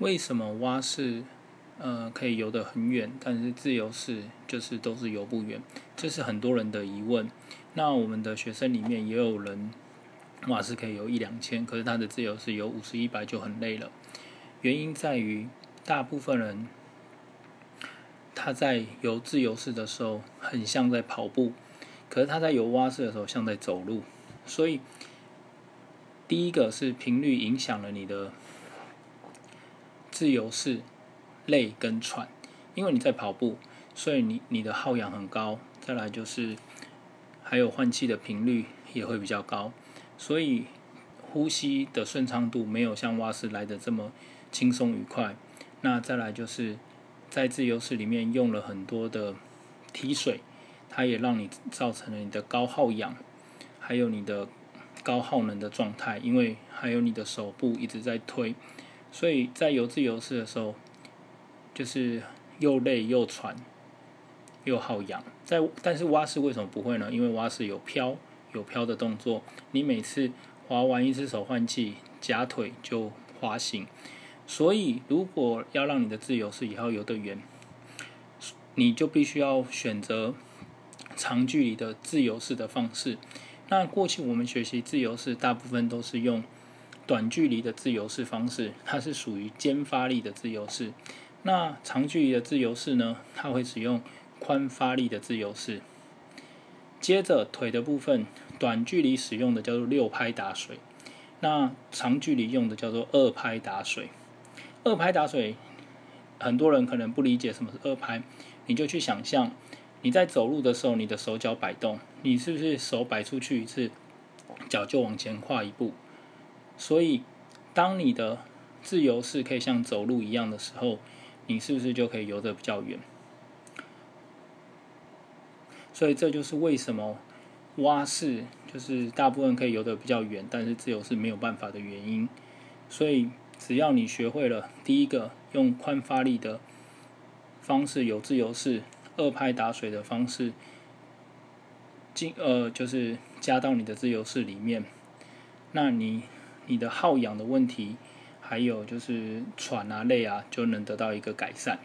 為什麼蛙式，呃，可以游得很遠，但是自由式就是都是游不遠，這是很多人的疑問。那我們的學生裡面也有人蛙式可以游一兩千，可是他的自由式游五十、一百就很累了。原因在於，大部分人他在游自由式的時候很像在跑步，可是他在游蛙式的時候像在走路。所以第一個是頻率影響了你的。自由式，累跟喘，因為你在跑步，所以你你的耗氧很高。再來就是，還有換氣的頻率也會比較高，所以呼吸的順暢度沒有像蛙式來的這麼輕鬆愉快。那再來就是在自由式裡面用了很多的踢水，它也讓你造成了你的高耗氧，還有你的高耗能的狀態，因為還有你的手部一直在推。所以在游自由式的時候，就是又累又喘，又耗氧。在，但是蛙式為什麼不會呢？因為蛙式有漂有漂的動作。你每次划完一次手換氣，夾腿就滑行。所以如果要讓你的自由式以後游得遠，你就必須要選擇長距離的自由式的方式。那過去我們學習自由式，大部分都是用。短距離的自由式方式，它是屬於肩發力的自由式。那長距離的自由式呢？它會使用髖發力的自由式。接着腿的部分，短距離使用的叫做六拍打水，那長距離用的叫做二拍打水。二拍打水，很多人可能不理解什麼是二拍，你就去想象你在走路的時候，你的手腳擺動，你是不是手擺出去一次，腳就往前跨一步？所以，當你的自由式可以像走路一樣的時候，你是不是就可以游得比較遠？所以這就是為什麼蛙式就是大部分可以游得比較遠，但是自由式沒有辦法的原因。所以只要你學會了第一個用髖發力的方式，游自由式二拍打水的方式進呃，就是加到你的自由式裡面，那你。你的耗氧的問題，還有就是喘啊、累啊，就能得到一個改善。